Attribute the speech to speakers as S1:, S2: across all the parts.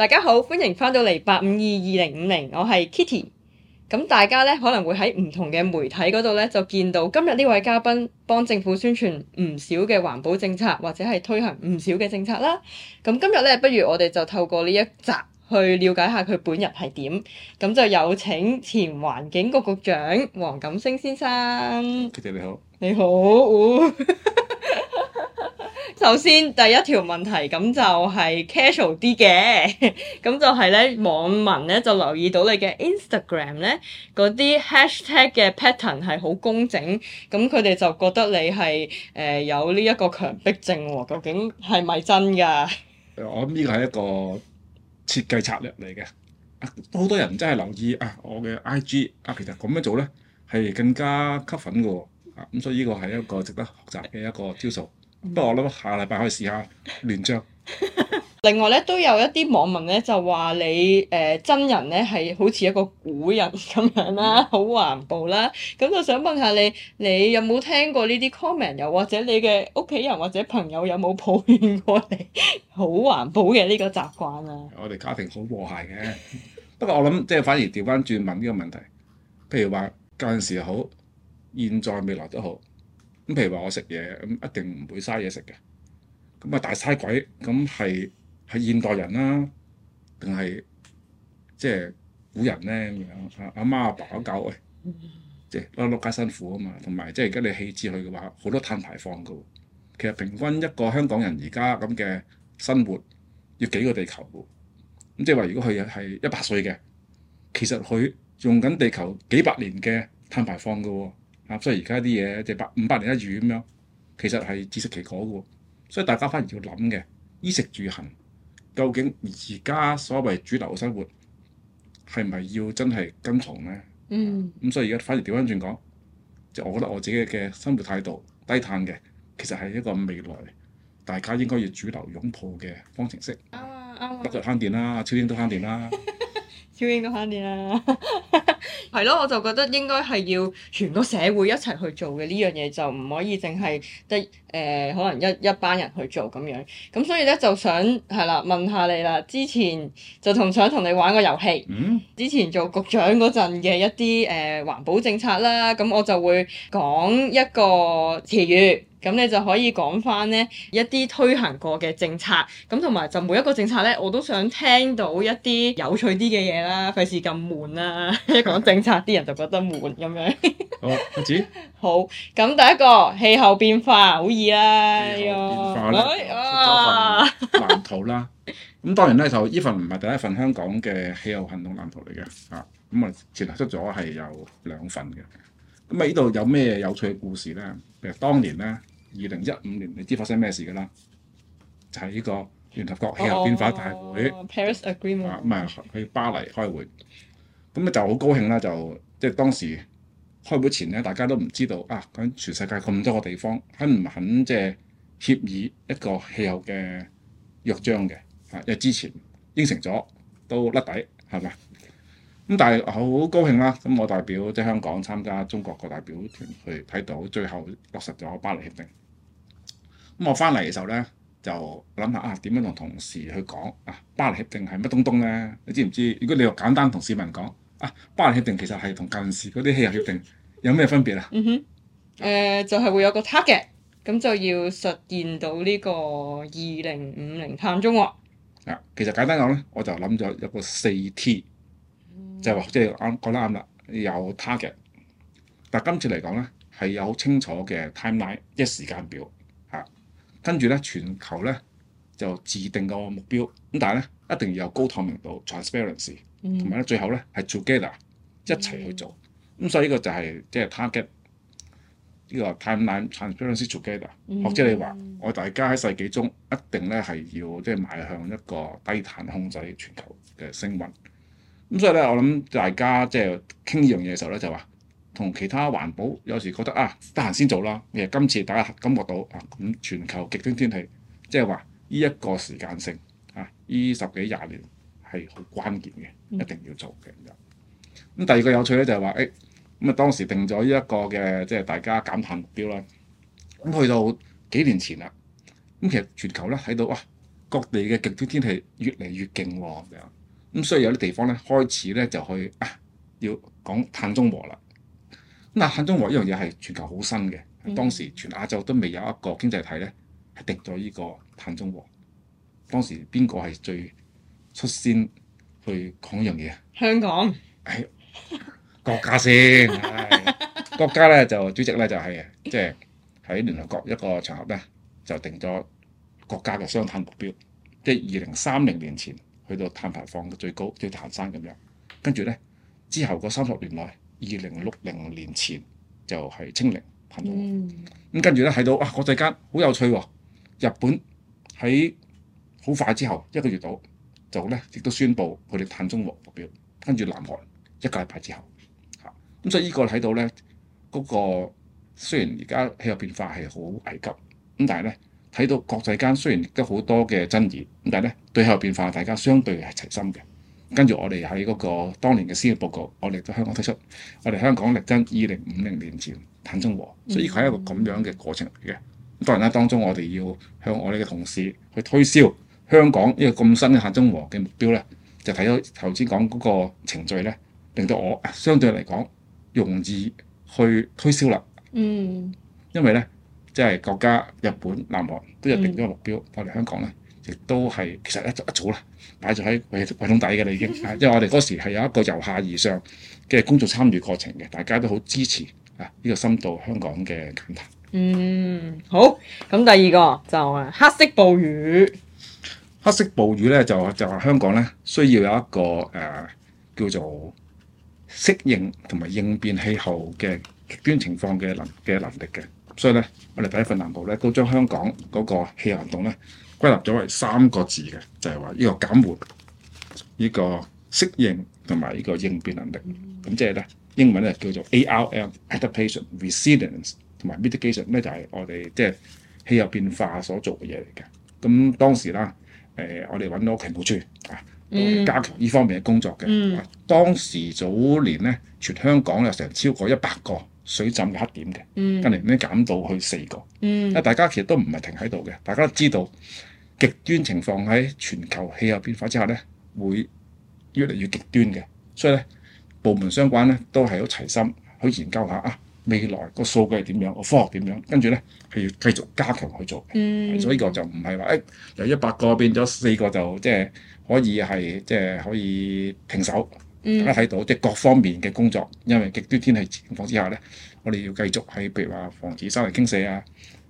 S1: 大家好，歡迎翻到嚟八五二二零五零，50, 我係 Kitty。咁大家咧，可能會喺唔同嘅媒體嗰度咧就見到今日呢位嘉賓幫政府宣傳唔少嘅環保政策或者係推行唔少嘅政策啦。咁今日咧，不如我哋就透過呢一集去了解下佢本人係點。咁就有請前環境局局長黃錦星先生。
S2: Kitty 你好，
S1: 你好。哦 首先第一條問題咁就係 casual 啲嘅，咁就係咧網民咧就留意到你嘅 Instagram 咧嗰啲 hashtag 嘅 pattern 係好工整，咁佢哋就覺得你係誒、呃、有呢一個強迫症喎，究竟係咪真㗎？我
S3: 諗呢個係一個設計策略嚟嘅，好多人真係留意啊我嘅 IG 啊，其實咁樣做咧係更加吸粉嘅喎，啊咁所以呢個係一個值得學習嘅一個招數。不過我諗下禮拜可以試下聯張。
S1: 另外咧，都有一啲網民咧就話你誒、呃、真人咧係好似一個古人咁樣啦，好環、嗯、保啦。咁就想問下你，你有冇聽過呢啲 comment？又或者你嘅屋企人或者朋友有冇抱怨過你好環保嘅呢個習慣啊？
S3: 我哋家庭好和諧嘅。不過我諗，即係反而調翻轉問呢個問題，譬如話舊陣時好，現在未來都好。咁譬如話我食嘢咁一定唔會嘥嘢食嘅，咁啊大嘥鬼咁係係現代人啦、啊，定係即係古人咧咁樣阿媽阿爸都教喂，即係粒粒皆辛苦啊嘛，同埋即係而家你棄置佢嘅話，好多碳排放㗎喎。其實平均一個香港人而家咁嘅生活要幾個地球㗎喎。咁即係話如果佢係一百歲嘅，其實佢用緊地球幾百年嘅碳排放㗎喎。啊！所以而家啲嘢就百五百年一遇咁樣，其實係自食其果嘅喎。所以大家反而要諗嘅，衣食住行究竟而家所謂主流嘅生活係咪要真係跟從咧？嗯。
S2: 咁
S3: 所以而家反而調翻轉講，就我覺得我自己嘅生活態度低碳嘅，其實係一個未來大家應該要主流擁抱嘅方程式。
S2: 啊啊、嗯！不過
S3: 慳電啦，超英都慳電啦。
S1: join 個 f u 啦，係咯、啊， 我就覺得應該係要全個社會一齊去做嘅呢樣嘢，就唔可以淨係得。誒、呃、可能一一班人去做咁樣，咁所以咧就想係啦問下你啦，之前就同想同你玩個遊戲。嗯。之前做局長嗰陣嘅一啲誒、呃、環保政策啦，咁我就會講一個詞語，咁你就可以講翻呢一啲推行過嘅政策，咁同埋就每一個政策咧我都想聽到一啲有趣啲嘅嘢啦，費事咁悶啦、啊，一講 政策啲 人就覺得悶咁樣。
S3: 好、啊、開始，
S1: 好，咁第一個氣候變化好意啊！Yeah，氣候變化咧，oh.
S3: Oh. Oh. 藍圖啦。咁當然咧，就呢份唔係第一份香港嘅氣候行動藍圖嚟嘅啊。咁啊，前後出咗係有兩份嘅。咁啊，呢度有咩有趣嘅故事咧？其實當年咧，二零一五年你知發生咩事㗎啦？就係、是、呢個聯合國氣候變化大會，唔係、oh. oh. Paris Agreement. 啊、去巴黎開會。咁啊，就好高興啦，就即係當時。開會前咧，大家都唔知道啊！喺全世界咁多個地方肯唔肯即係協議一個氣候嘅約章嘅，因為之前應承咗都甩底，係咪？咁但係好高興啦！咁我代表即係香港參加中國各代表團去睇到最後落實咗巴黎協定。咁我翻嚟嘅時候咧，就諗下啊，點樣同同事去講啊？巴黎協定係乜東東咧？你知唔知？如果你話簡單同市民講？啊，巴黎協定其實係同舊陣時嗰啲氣候協定有咩分別啊？嗯哼，
S1: 誒、呃、就係、是、會有個 target，咁就要實現到呢個二零五零碳中和。
S3: 哦。啊，其實簡單講咧，我就諗咗一個四 T、嗯、即係話即係啱講得啱啦，有 target。但今次嚟講咧，係有好清楚嘅 timeline，一時間表嚇。跟住咧，全球咧就自定個目標咁，但係咧一定要有高透明度 transparency。Trans 同埋咧，最後咧係 together 一齊去做，咁、mm hmm. 所以呢個就係即係 target 呢個 time line production together、mm。或、hmm. 者你話，我大家喺世紀中一定咧係要即係邁向一個低碳控制全球嘅升溫。咁所以咧，我諗大家即係傾呢樣嘢時候咧，就話同其他環保有時覺得啊，得閒先做啦。其實今次大家感覺到、啊、全球極端天，天氣，即係話呢一個時間性啊，呢十幾廿年係好關鍵嘅。一定要做嘅咁，第二個有趣咧就係話，誒咁啊當時定咗依一個嘅即係大家減碳目標啦。咁去到幾年前啦，咁其實全球咧睇到哇，各地嘅極端天氣越嚟越勁喎。咁所以有啲地方咧開始咧就去啊，要講碳中和啦。咁啊碳中和依樣嘢係全球好新嘅，嗯、當時全亞洲都未有一個經濟體咧係定咗呢個碳中和。當時邊個係最出先？去講一樣嘢，
S1: 香港，喺、哎、
S3: 國家先，哎、 國家呢，就主席呢，就係、是，即係喺聯合國一個場合呢，就定咗國家嘅雙碳目標，即係二零三零年前去到碳排放嘅最高，即叫彈山咁樣，跟住呢，之後個三十年內二零六零年前就係、是、清零。行嗯，
S2: 咁
S3: 跟住呢，睇到哇，國際間好有趣喎、哦，日本喺好快之後一個月度，就咧，亦都宣布佢哋碳中和目標。跟住南韓一個禮拜之後，嚇咁所以個呢個睇到咧，嗰、嗰個雖然而家氣候變化係好危急，咁但係咧睇到國際間雖然亦都好多嘅爭議，咁但係咧對氣候變化大家相對係齊心嘅。跟住我哋喺嗰個當年嘅施政報告，我哋喺香港推出，我哋香港力爭二零五零年前碳中和，所以佢個係一個咁樣嘅過程嚟嘅。咁當然啦、啊，當中我哋要向我哋嘅同事去推銷。香港呢個咁新嘅碳中和嘅目標咧，就睇到頭先講嗰個程序咧，令到我相對嚟講容易去推銷啦。嗯，因為咧即係國家、日本、南韓都有定咗個目標，嗯、我哋香港咧亦都係其實一早一早啦擺咗喺櫃櫃桶底嘅啦。已經、嗯、因為我哋嗰時係有一個由下而上嘅公眾參與過程嘅，大家都好支持啊呢個深度香港嘅減排。
S1: 嗯，好咁，咁第二個就係黑色暴雨。
S3: 黑色暴雨咧就就話香港咧需要有一個誒、呃、叫做適應同埋應變氣候嘅極端情況嘅能嘅能力嘅，所以咧我哋第一份藍圖咧都將香港嗰個氣候行動咧歸納咗為三個字嘅，就係話呢個減緩呢、這個適應同埋呢個應變能力。咁即係咧英文咧叫做 A R L adaptation resilience 同埋 mitigation 咧就係、是、我哋即係氣候變化所做嘅嘢嚟嘅。咁當時啦～誒，我哋揾到屋羣組啊，加強呢方面嘅工作嘅。嗯嗯、當時早年咧，全香港有成超過一百個水浸嘅黑點嘅，近年已經減到去四個。啊、嗯，大家其實都唔係停喺度嘅，大家都知道極端情況喺全球氣候變化之下咧，會越嚟越極端嘅，所以咧，部門相關咧都係好齊心去研究下啊。未來個數據係點樣？個科學點樣？跟住咧係要繼續加強去做，嗯、所以個就唔係話誒由一百個變咗四個就即係可以係即係可以停手。大家睇到即係、就是、各方面嘅工作，因為極端天氣情況之下咧，我哋要繼續喺，譬如話防止山泥傾瀉啊，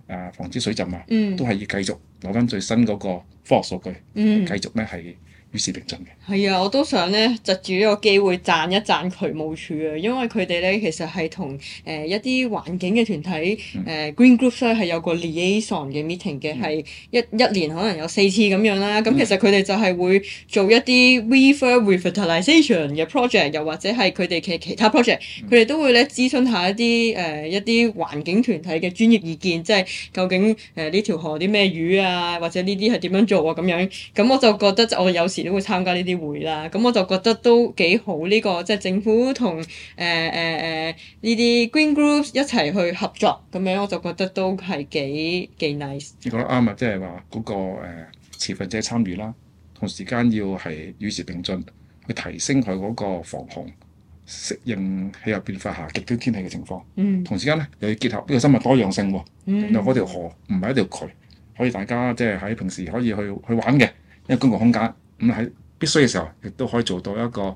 S3: 誒防止水浸啊，嗯、都係要繼續攞翻最新嗰個科學數據，繼、嗯、續咧係。
S1: 於是並嘅係啊！我都想咧，藉住呢個機會讚一讚渠務處啊，因為佢哋咧其實係同、呃、一啲環境嘅團體誒、嗯呃、Green Group 咧係有個 liaison 嘅 meeting 嘅，係、嗯、一一年可能有四次咁樣啦、啊。咁其實佢哋就係會做一啲 river revitalisation 嘅 project，又或者係佢哋其其他 project，佢哋、嗯、都會咧諮詢下一啲誒、呃、一啲環境團體嘅專業意見，即係究竟誒呢條河啲咩魚啊，或者呢啲係點樣做啊咁樣。咁我就覺得我有時。都會參加呢啲會啦，咁我就覺得都幾好。呢、這個即係、就是、政府同誒誒誒呢啲 Green Groups 一齊去合作咁樣，我就覺得都係幾幾 nice。
S3: 你講得啱啊！即係話嗰個、呃、持份者參與啦，同時間要係與時並進去提升佢嗰個防洪、適應氣候變化下極端天氣嘅情況。嗯，同時間咧又要結合呢、這個生物多樣性喎、哦。嗯，嗰條河唔係一條渠，可以大家即係喺平時可以去去玩嘅，因為公共空間。咁喺必須嘅時候，亦都可以做到一個，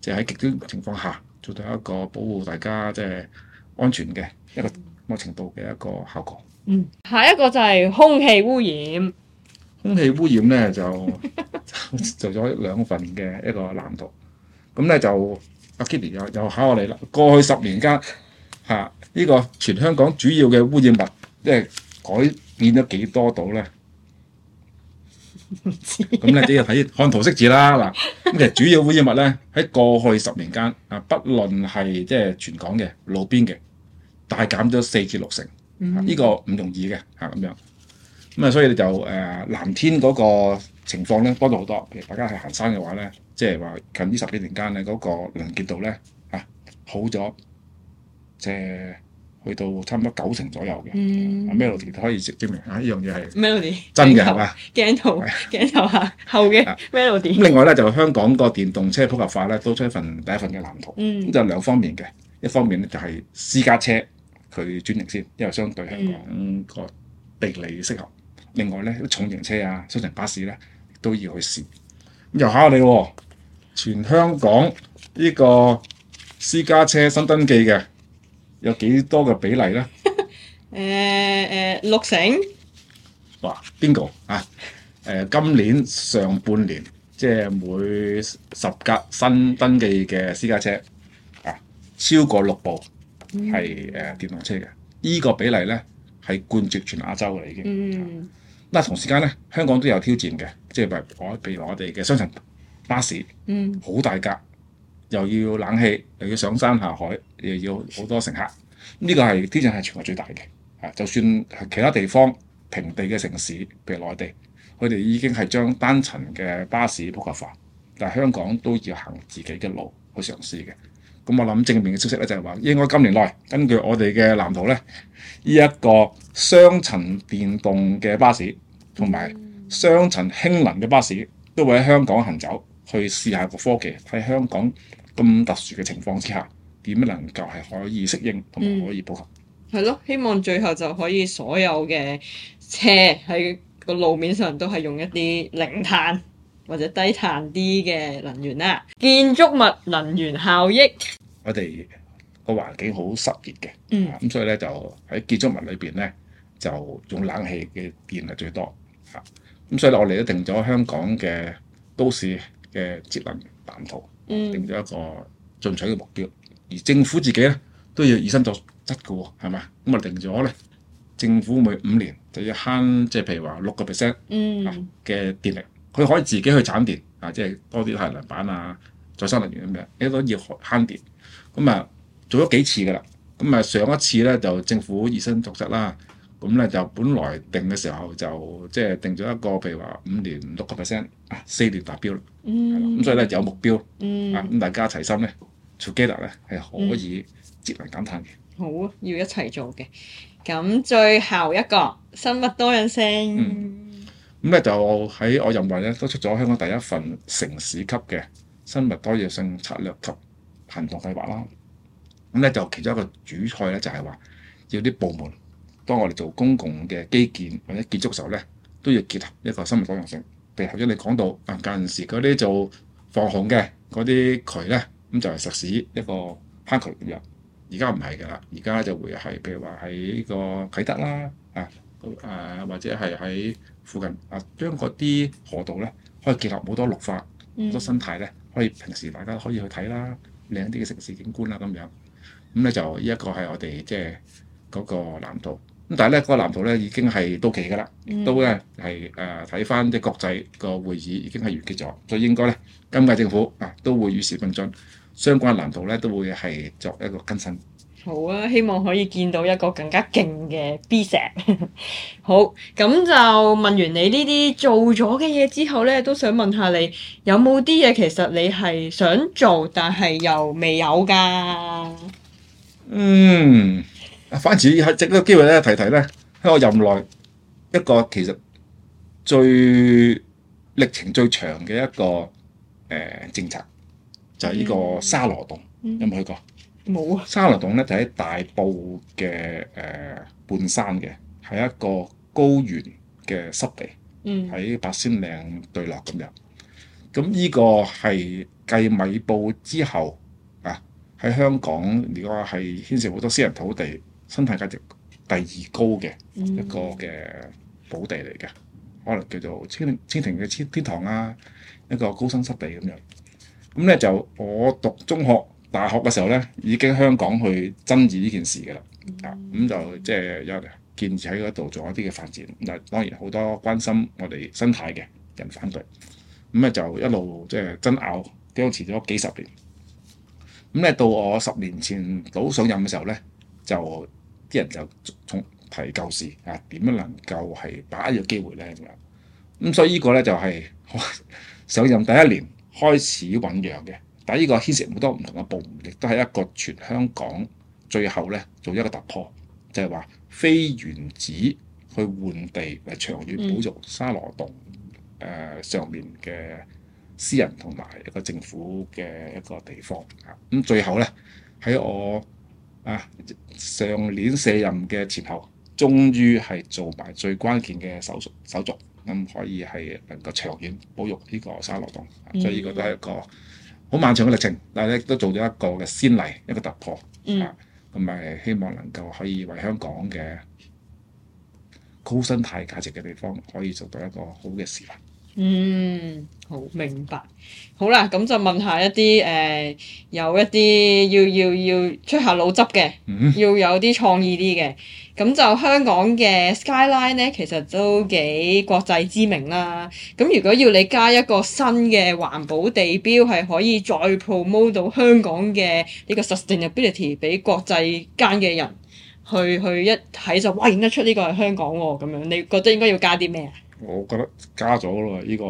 S3: 即係喺極端情況下做到一個保護大家即係、就是、安全嘅一個某程度嘅一個效果。嗯，
S1: 下一個就係空氣污染。
S3: 空氣污染咧就做咗兩份嘅一個藍圖。咁咧 就阿 Kitty 又又考我哋啦。過去十年間，嚇、啊、呢、這個全香港主要嘅污染物即係、就是、改變咗幾多度咧？咁咧，都要睇看圖識字啦嗱。咁其實主要污染物咧喺 過去十年間啊，不論係即係全港嘅、路邊嘅，大減咗四至六成。呢、啊這個唔容易嘅嚇咁樣。咁啊，所以就誒、呃、藍天嗰個情況咧多咗好多。譬如大家去行山嘅話咧，即係話近呢十幾年間咧嗰個能見度咧嚇、啊、好咗即。就是去到差唔多九成左右
S2: 嘅、嗯、Melody
S3: 都可以證明啊！呢樣嘢係 Melody 真嘅係嘛？
S1: 鏡頭，鏡頭下後嘅 Melody。 Mel ody 另
S3: 外咧就是、香港個電動車普及化咧，多出一份第一份嘅藍圖。咁、嗯、就兩方面嘅，一方面咧就係私家車佢專營先，因為相對香港個地理適合。嗯、另外咧，重型車啊、雙層巴士咧，都要去試。咁又考下你喎，全香港呢個私家車新登記嘅。有幾多個比例咧？
S1: 誒誒、 呃、六成，
S3: 哇！邊個啊？誒、呃、今年上半年即係、就是、每十架新登記嘅私家車啊，超過六部係誒、呃 mm hmm. 電動車嘅。依、這個比例咧係冠絕全亞洲啦，已經。嗯、啊，嗱、mm hmm. 同時間咧，香港都有挑戰嘅，即係唔我？譬如我哋嘅雙層巴士很大，嗯、
S2: mm，好
S3: 大架。又要冷氣，又要上山下海，又要好多乘客，呢、這個係天象係全球最大嘅。啊，就算其他地方平地嘅城市，譬如內地，佢哋已經係將單層嘅巴士普及化，但係香港都要行自己嘅路去嘗試嘅。咁我諗正面嘅消息咧，就係話應該今年內，根據我哋嘅藍圖呢，依、這、一個雙層電動嘅巴士同埋雙層氫能嘅巴士都會喺香港行走，去試下個科技喺香港。咁特殊嘅情況之下，點能夠係可以適應同埋可以配合？
S1: 係咯、嗯，希望最後就可以所有嘅車喺個路面上都係用一啲零碳或者低碳啲嘅能源啦。建築物能源效益，
S3: 我哋個環境好濕熱嘅，嗯，咁、啊、所以咧就喺建築物裏邊咧就用冷氣嘅電係最多嚇，咁、啊、所以我哋都定咗香港嘅都市嘅節能藍圖。定咗一個進取嘅目標，而政府自己咧都要以身作則嘅喎，係嘛？咁啊定咗咧，政府每五年就要慳，即係譬如話六個
S2: percent
S3: 嘅電力，佢可以自己去產電啊，即係多啲太陽板啊，再生能源咁樣，亦都要慳電。咁啊做咗幾次㗎啦，咁啊上一次咧就政府以身作則啦。咁咧就本來定嘅時候就即係、就是、定咗一個，譬如話五年六個 percent，四年達標咯。
S2: 咁、嗯、所以
S3: 咧有目標，啊咁、嗯、大家齊心咧、嗯、，together 咧係可以節能減碳嘅。
S1: 好啊，要一齊做嘅。咁最後一個生物多樣性，
S3: 咁咧、嗯、就喺我認為咧都出咗香港第一份城市級嘅生物多樣性策略及行動計劃啦。咁咧就其中一個主菜咧就係、是、話要啲部門。幫我哋做公共嘅基建或者建築嘅時候咧，都要結合一個生物多樣性、啊是是是。譬如頭先你講到啊，嗰陣時嗰啲做防洪嘅嗰啲渠咧，咁就係石屎一個坑渠咁樣。而家唔係㗎啦，而家就會係譬如話喺呢個啟德啦啊，咁、啊、或者係喺附近啊，將嗰啲河道咧可以結合好多綠化好、嗯、多生態咧，可以平時大家可以去睇啦，靚啲嘅城市景觀啦咁樣。咁咧就呢一個係我哋即係嗰個藍圖。咁但係咧，嗰個藍圖咧已經係到期噶啦，都咧係誒睇翻啲國際個會議已經係完結咗，所以應該咧今屆政府啊都會與時並進，相關藍圖咧都會係作一個更新。
S1: 好啊，希望可以見到一個更加勁嘅 B 石。 好，咁就問完你呢啲做咗嘅嘢之後咧，都想問下你有冇啲嘢其實你係想做，但係又未有噶？嗯。
S3: 反而係藉呢個機會咧，提提咧喺我任內一個其實最歷程最長嘅一個誒、呃、政策，就係、是、呢個沙羅洞、嗯、有冇去過？冇啊、嗯！嗯、沙羅洞咧就喺、是、大埔嘅誒、呃、半山嘅，係一個高原嘅濕地，喺八仙嶺對落咁樣。咁呢個係繼米埔之後啊，喺香港如果係牽涉好多私人土地。生態價值第二高嘅一個嘅寶地嚟嘅。嗯、可能叫做蜻蜻蜓嘅天天堂啊，一個高山濕地咁樣。咁咧就我讀中學、大學嘅時候咧，已經香港去爭議呢件事嘅啦。嗯、啊，咁就即係有建議喺嗰度做一啲嘅發展。嗱，當然好多關心我哋生態嘅人反對。咁啊就一路即係爭拗，僵持咗幾十年。咁咧到我十年前早上任嘅時候咧，就～啲人就重提舊事啊！點樣能夠係把握機會呢？咁所以呢個呢，就係上任第一年開始醖釀嘅。但係呢個牽涉好多唔同嘅部門，亦都係一個全香港最後呢做一個突破，就係話非原址去換地嚟長遠補足沙羅洞誒上面嘅私人同埋一個政府嘅一個地方啊！咁最後呢，喺我啊！上年卸任嘅前後，終於係做埋最關鍵嘅手續手續，咁、嗯、可以係能夠長遠保育呢個沙羅洞。嗯、所以呢個都係一個好漫長嘅歷程，但係咧都做咗一個嘅先例，一個突破
S2: 嚇，
S3: 同、啊、埋、嗯、希望能夠可以為香港嘅高生態價值嘅地方可以做到一個好嘅示範。
S1: 嗯，好明白。好啦，咁就問下一啲誒、呃，有一啲要要要出下腦汁嘅，嗯、要有啲創意啲嘅。咁就香港嘅 Skyline 咧，其實都幾國際知名啦。咁如果要你加一個新嘅環保地標，係可以再 promote 到香港嘅呢個 sustainability 俾國際間嘅人去去一睇就哇，認得出呢個係香港喎咁樣。你覺得應該要加啲咩啊？
S3: 我覺得加咗咯，呢、這個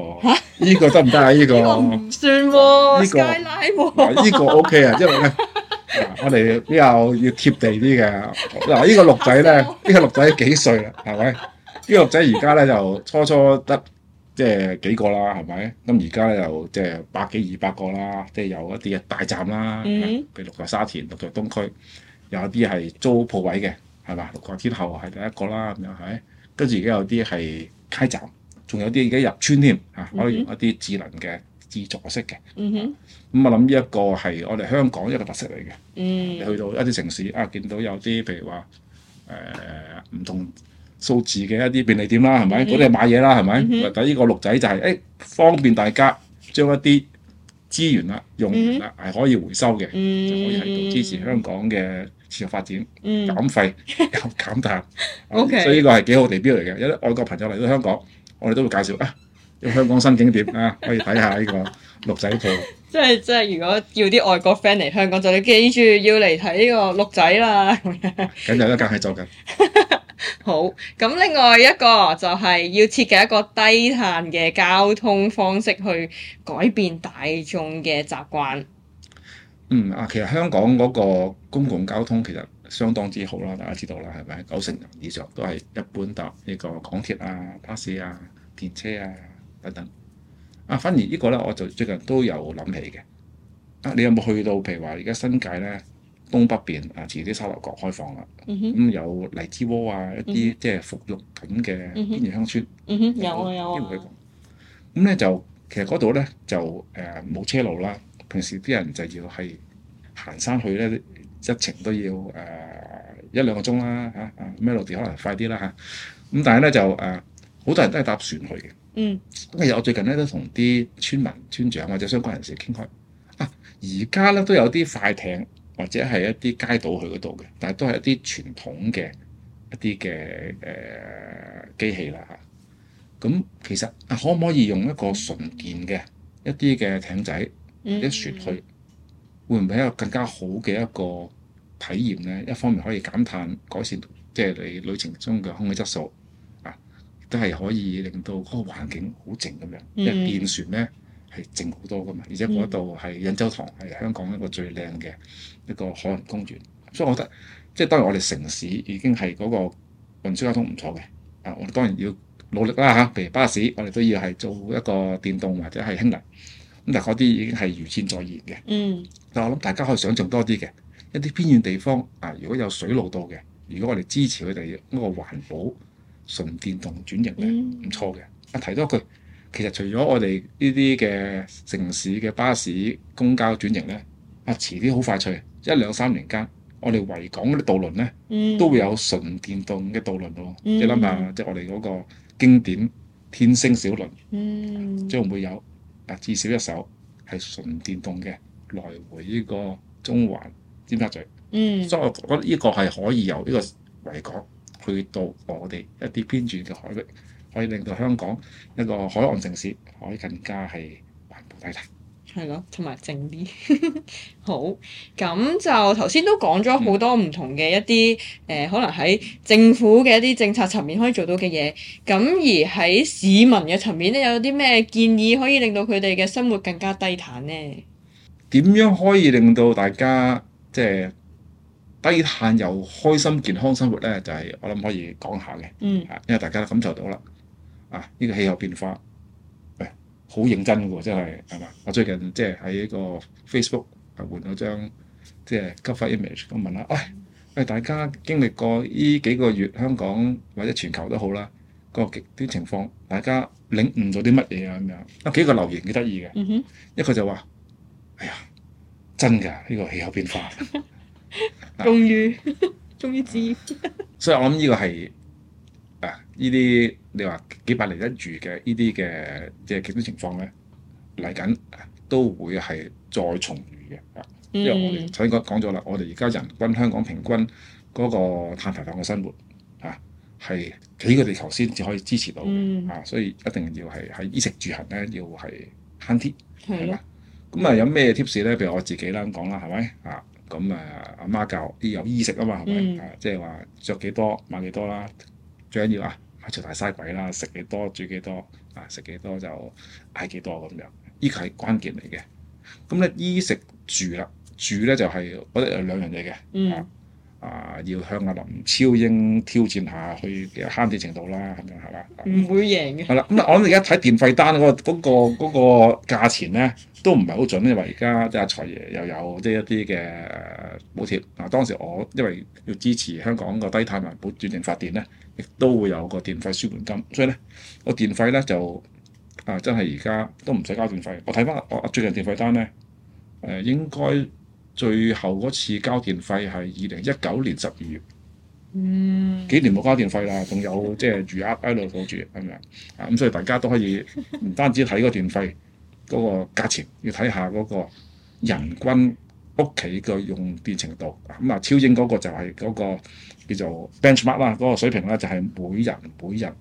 S3: 呢、這個得唔得啊？呢、這個唔
S1: 算
S2: 喎，依、這個呢 Sky line 個 OK 啊，因為咧
S3: 啊、我哋比較要貼地啲嘅嗱，這個、鹿呢 這個綠仔咧，呢個綠仔幾歲啦？係咪？這個、鹿呢個綠仔而家咧就初初得即係幾個啦，係咪？咁而家咧就即、是、係百幾二百個啦，即、就、係、是、有一啲大站啦，譬如綠在沙田、綠在東區，有一啲係租鋪位嘅，係嘛？綠在天后係第一個啦，咁樣係。跟住而家有啲係街站，仲有啲而家入村添嚇，可以用一啲智能嘅、mm hmm. 自助式嘅。
S2: 咁、
S3: mm hmm. 嗯、我諗呢一個係我哋香港一個特色嚟嘅。你去到一啲城市啊，見到有啲譬如話誒唔同數字嘅一啲便利店啦，係咪？嗰啲係買嘢啦，係咪？但呢、mm hmm. 個鹿仔就係、是、誒、哎、方便大家將一啲資源啦、用完啦係可以回收嘅，mm hmm. 就可以喺度支持香港嘅，持續發展，減費、嗯、又減碳，
S2: Okay. 所以呢個
S3: 係幾好嘅地標嚟嘅。有啲外國朋友嚟到香港，我哋都會介紹啊，有香港新景點 啊，可以睇下呢個鹿仔圖。
S1: 即係即係，如果要啲外國 friend 嚟香港，就你記住要嚟睇呢個鹿仔啦。
S3: 咁有一間係做緊。
S1: 好，咁另外一個就係要設計一個低碳嘅交通方式，去改變大眾嘅習慣。
S3: 嗯啊，其實香港嗰個公共交通其實相當之好啦，大家知道啦，係咪？九成人以上都係一般搭呢個港鐵啊、巴士啊、電車啊等等。啊，反而呢個呢個咧，我就最近都有諗起嘅。啊，你有冇去到？譬如話，而家新界咧東北邊啊，遲啲沙頭角開放啦，咁、mm hmm. 有荔枝窩啊，一啲即係復育緊嘅邊緣鄉村，有啊有啊。咁咧就其實嗰度咧就誒冇、呃、車路啦。平時啲人就要係行山去咧，一程都要誒、啊、一兩個鐘啦 Melody 可能快啲啦咁、啊、但係咧就誒好、啊、多人都係搭船去嘅。嗯，
S2: 因
S3: 為我最近咧都同啲村民、村長或者相關人士傾開啊，而家咧都有啲快艇或者係一啲街道去嗰度嘅，但係都係一啲傳統嘅一啲嘅誒機器啦咁、啊、其實啊，可唔可以用一個純電嘅一啲嘅艇仔？一船去，會唔會有一個更加好嘅一個體驗咧？一方面可以減碳改善，即、就、係、是、你旅程中嘅空氣質素啊，都係可以令到嗰個環境好靜咁樣。嗯、因為電船咧係靜好多噶嘛，而且嗰度係印洲塘，係、嗯、香港一個最靚嘅一個海洋公園，所以我覺得即係、就是、當然我哋城市已經係嗰個運輸交通唔錯嘅啊，我哋當然要努力啦嚇。譬如巴士，我哋都要係做一個電動或者係氫能。嗱，嗰啲已經係如箭在弦嘅。嗯，但我諗大家可以想象多啲嘅一啲偏遠地方啊，如果有水路到嘅，如果我哋支持佢哋嗰個環保純電動轉型咧，唔、嗯、錯嘅。啊，提多一句，其實除咗我哋呢啲嘅城市嘅巴士公交轉型咧，啊，遲啲好快脆，一兩三年間，我哋維港嗰啲渡輪咧，嗯、
S2: 都會有
S3: 純電動嘅渡輪咯、嗯，即係乜即係我哋嗰個經典天星小輪，
S2: 嗯，將會
S3: 唔會有。至少一艘係純電動嘅來回呢個中環尖沙咀，嗯，所以我覺得呢個係可以由呢個維港去到我哋一啲偏遠嘅海域，可以令到香港一個海岸城市可以更加係環保低碳。係咯，
S1: 同埋靜啲。靜 好，咁就頭先都講咗好多唔同嘅一啲誒、嗯呃，可能喺政府嘅一啲政策層面可以做到嘅嘢。咁而喺市民嘅層面咧，有啲咩建議可以令到佢哋嘅生活更加低碳呢？
S3: 點樣可以令到大家即係、就是、低碳又開心健康生活咧？就係、是、我諗可以講下嘅。嗯，因為大家都感受到啦，啊，呢、這個氣候變化。好認真嘅喎，真係係嘛？我最近即係喺個 Facebook 換咗張即係 cover image，咁問下喂喂、哎，大家經歷過呢幾個月香港或者全球都好啦，個極端情況，大家領悟到啲乜嘢啊？咁樣啊，幾個留言幾得意嘅，mm hmm. 一個就話，哎呀，真㗎，呢、呢個氣候變化，
S2: 終於、
S1: 啊、終於知，
S3: 所以我諗呢個係。呢啲你話幾百年一遇嘅呢啲嘅即係極端情況咧嚟緊都會係再重遇嘅，嗯、因為我哋頭先講講咗啦，我哋而家人均香港平均嗰個碳排放嘅生活啊係幾個地球先至可以支持到嘅、嗯、啊，所以一定要係喺衣食住行咧要係慳啲係啦。咁啊有咩 tips 咧？譬如我自己啦咁講啦，係咪啊？咁啊阿媽教要有衣食啊嘛，係咪啊？即係話着幾多買幾多啦。最緊要啊，咪做大嘥鬼啦，食幾多煮幾多，啊食幾多就嗌幾多咁樣，呢個係關鍵嚟嘅。咁咧衣食住啦，住咧就係我覺得有兩樣嘢嘅。嗯。啊！要向阿林超英挑戰下去慳啲程度啦，咁樣係啦，
S2: 唔會
S1: 贏嘅。
S3: 係啦，咁我諗而家睇電費單嗰、個嗰、個嗰、個、價錢咧，都唔係好準，因為而家啲阿財爺又有即係一啲嘅補貼。啊，當時我因為要支持香港個低碳環保轉型發電咧，亦都會有個電費舒緩金，所以咧、個電費咧就啊，真係而家都唔使交電費。我睇翻我最近電費單咧，誒、呃、應該。最後嗰次交電費係二零一九年十二月，嗯，幾年冇交電費啦，仲有即係餘額喺度保住，係咪啊？咁所以大家都可以唔單止睇個電費嗰個價錢，要睇下嗰個人均屋企嘅用電程度。咁啊，超英嗰個就係嗰個叫做 benchmark 啦，嗰個水平咧就係每人每日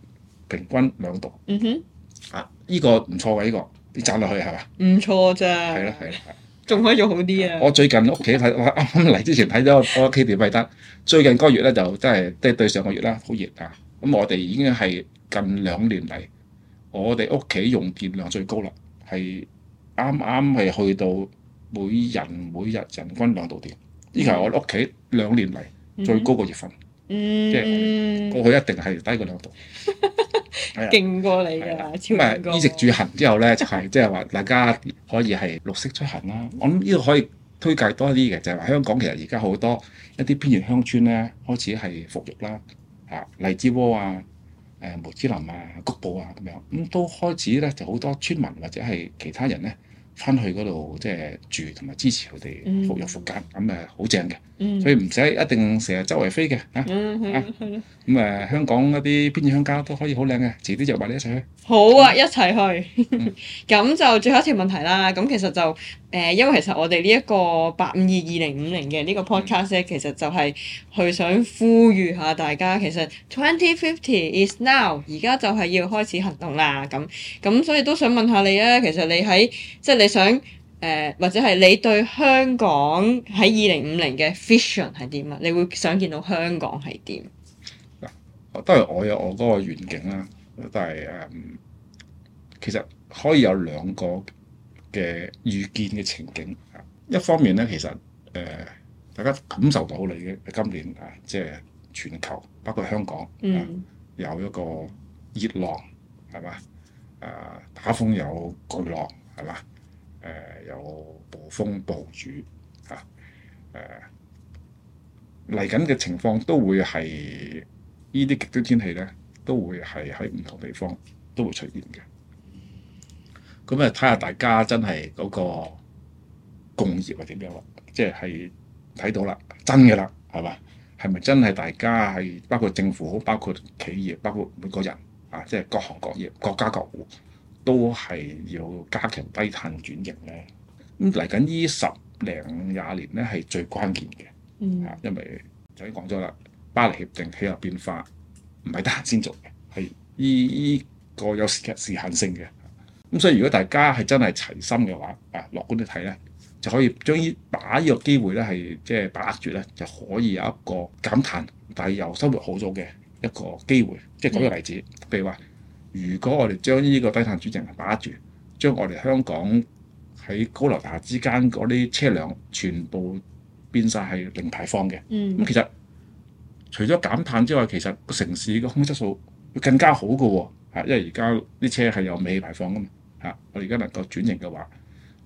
S3: 平均兩度。
S1: 嗯
S3: 哼，啊，呢個唔錯嘅呢個，你賺落去係嘛？唔
S1: 錯咋，係啦，係啦。仲可以做好啲啊！我
S3: 最近屋企睇， 我啱啱嚟之前睇咗我屋企電費單。最近嗰月咧就真係，即、就、係、是、對上個月啦，好熱啊！咁、嗯、我哋已經係近兩年嚟，我哋屋企用電量最高啦，係啱啱係去到每人每日人均兩度電。呢個係我屋企兩年嚟最高個月份，
S2: 即係、mm hmm. 過去一
S3: 定係低過兩度。 勁
S1: 過你㗎，的超唔係衣食
S3: 住行之後咧，就係即係話大家可以係綠色出行啦。 我諗呢度可以推介多啲嘅，就係話香港其實而家好多一啲偏遠鄉村咧，開始係復育啦。嚇，荔枝窩啊，誒梅子林啊，谷埔啊咁樣，咁都開始咧就好多村民或者係其他人咧翻去嗰度，即係住同埋支持佢哋復育復簡，咁誒好正嘅。嗯、所以唔使一定成日周圍飛嘅。嗯、啊啊咁、嗯、香港一啲邊啲鄉郊都可以好靚嘅，遲啲就帶你一齊去。
S1: 好啊，一齊去。咁 就最後一條問題啦。咁其實就誒、呃，因為其實我哋呢一個八五二二零五零嘅呢個 podcast 其實就係去想呼籲下大家，其實 twenty fifty is now，而家就係要開始行動啦。咁咁，所以都想問下你呀。其實你喺即係你想誒、呃，或者係你對香港喺二零五零嘅 vision 係點啊？你會想見到香港係點？
S3: 都係我有我嗰個願景啦，但係誒，其實可以有兩個嘅預見嘅情景啊。一方面咧，其實誒，呃，大家感受到你嘅今年啊，即係全球包括香港，啊，有一個熱浪係嘛，誒，啊，打風有巨浪係嘛，誒，啊，有暴風暴雨吓誒嚟緊嘅情況都會係。呢啲極端天氣咧，都會係喺唔同地方都會出現嘅。咁啊，睇下大家真係嗰個共業係點樣咯？即係睇到啦，真嘅啦，係嘛？係咪真係大家係包括政府、包括企業、包括每個人啊？即係各行各業、各家各戶都係要加強低碳轉型咧。咁嚟緊呢十零廿年咧係最關鍵嘅，啊，因為就已經講咗啦。巴黎協定氣候變化唔係得閒先做嘅，係依依個有時限性嘅。咁所以如果大家係真係齊心嘅話，啊，樂觀啲睇咧，就可以將呢把依個機會咧係即係把握住咧，就可以有一個減碳，但係又生活好咗嘅一個機會。即係舉個例子，譬、嗯、如話，如果我哋將呢個低碳轉型把握住，將我哋香港喺高樓大廈之間嗰啲車輛全部變晒係零排放嘅，嗯，咁其實。除咗減碳之外，其實個城市個空質素會更加好嘅喎、哦、因為而家啲車係有尾氣排放嘅嘛嚇。我哋而家能夠轉型嘅話，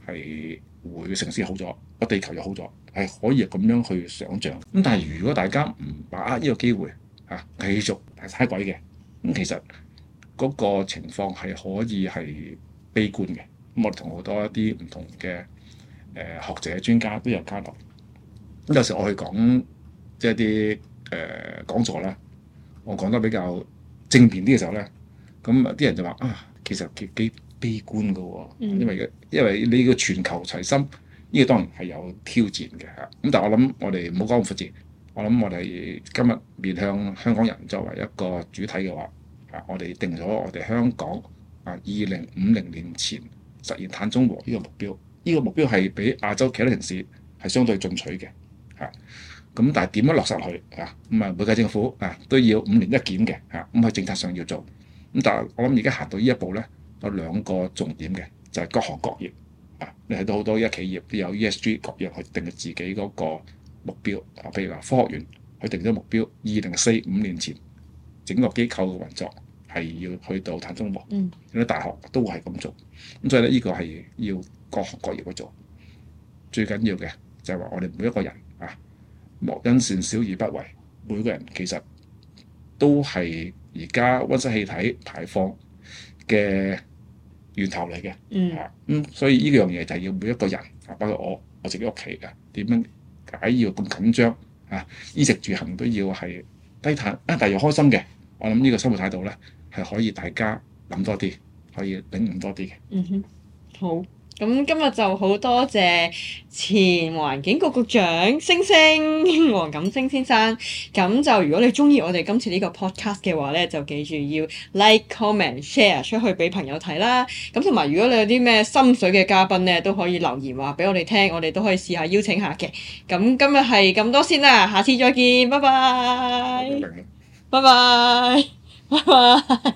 S3: 係會城市好咗，個地球又好咗，係可以咁樣去想像。咁但係如果大家唔把握呢個機會嚇，繼、啊、續係嘥鬼嘅，咁、嗯、其實嗰個情況係可以係悲觀嘅。咁、嗯、我哋同好多一啲唔同嘅誒、呃、學者、專家都有交流。咁有時我去講，即係啲。誒，講、呃、座咧，我講得比較正面啲嘅時候咧，咁啊啲人就話啊，其實幾幾悲觀噶、哦嗯，因為因為呢個全球齊心呢、這個當然係有挑戰嘅吓。咁但係我諗我哋唔好講咁複雜，我諗我哋今日面向香港人作為一個主體嘅話，啊，我哋定咗我哋香港啊二零五零年前實現碳中和呢個目標，呢、這個目標係比亞洲其他城市係相對進取嘅吓。咁但係點樣落實去？啊？咁啊，每個政府啊都要五年一檢嘅啊。咁喺政策上要做，咁但係我諗而家行到呢一步咧，有兩個重點嘅，就係、係、各行各業啊。你睇到好多嘅企業都有 ESG 各業去定自己嗰個目標啊。譬如話科學園，去定咗目標二零四五年前整個機構嘅運作係要去到碳中和。嗯。有啲大學都係咁做，咁所以咧呢個係要各行各業去做。最緊要嘅就係話我哋每一個人。莫因善小而不為，每個人其實都係而家温室氣體排放嘅源頭嚟嘅。嗯，咁、嗯、所以呢樣嘢就係要每一個人，包括我，我自己屋企嘅，點樣解要咁緊張？嚇、啊，衣食住行都要係低碳，啊，但要開心嘅。我諗呢個生活態度咧，係可以大家諗多啲，可以領悟多啲嘅。
S1: 嗯哼，好。咁今日就好多謝前環境局局長星星黃錦星先生。咁就如果你中意我哋今次呢個 podcast 嘅話咧，就記住要 like、comment、share 出去俾朋友睇啦。咁同埋如果你有啲咩心水嘅嘉賓咧，都可以留言話俾我哋聽，我哋都可以試下邀請下嘅。咁今日係咁多先啦，下次再見，拜拜，拜拜，拜拜。Bye bye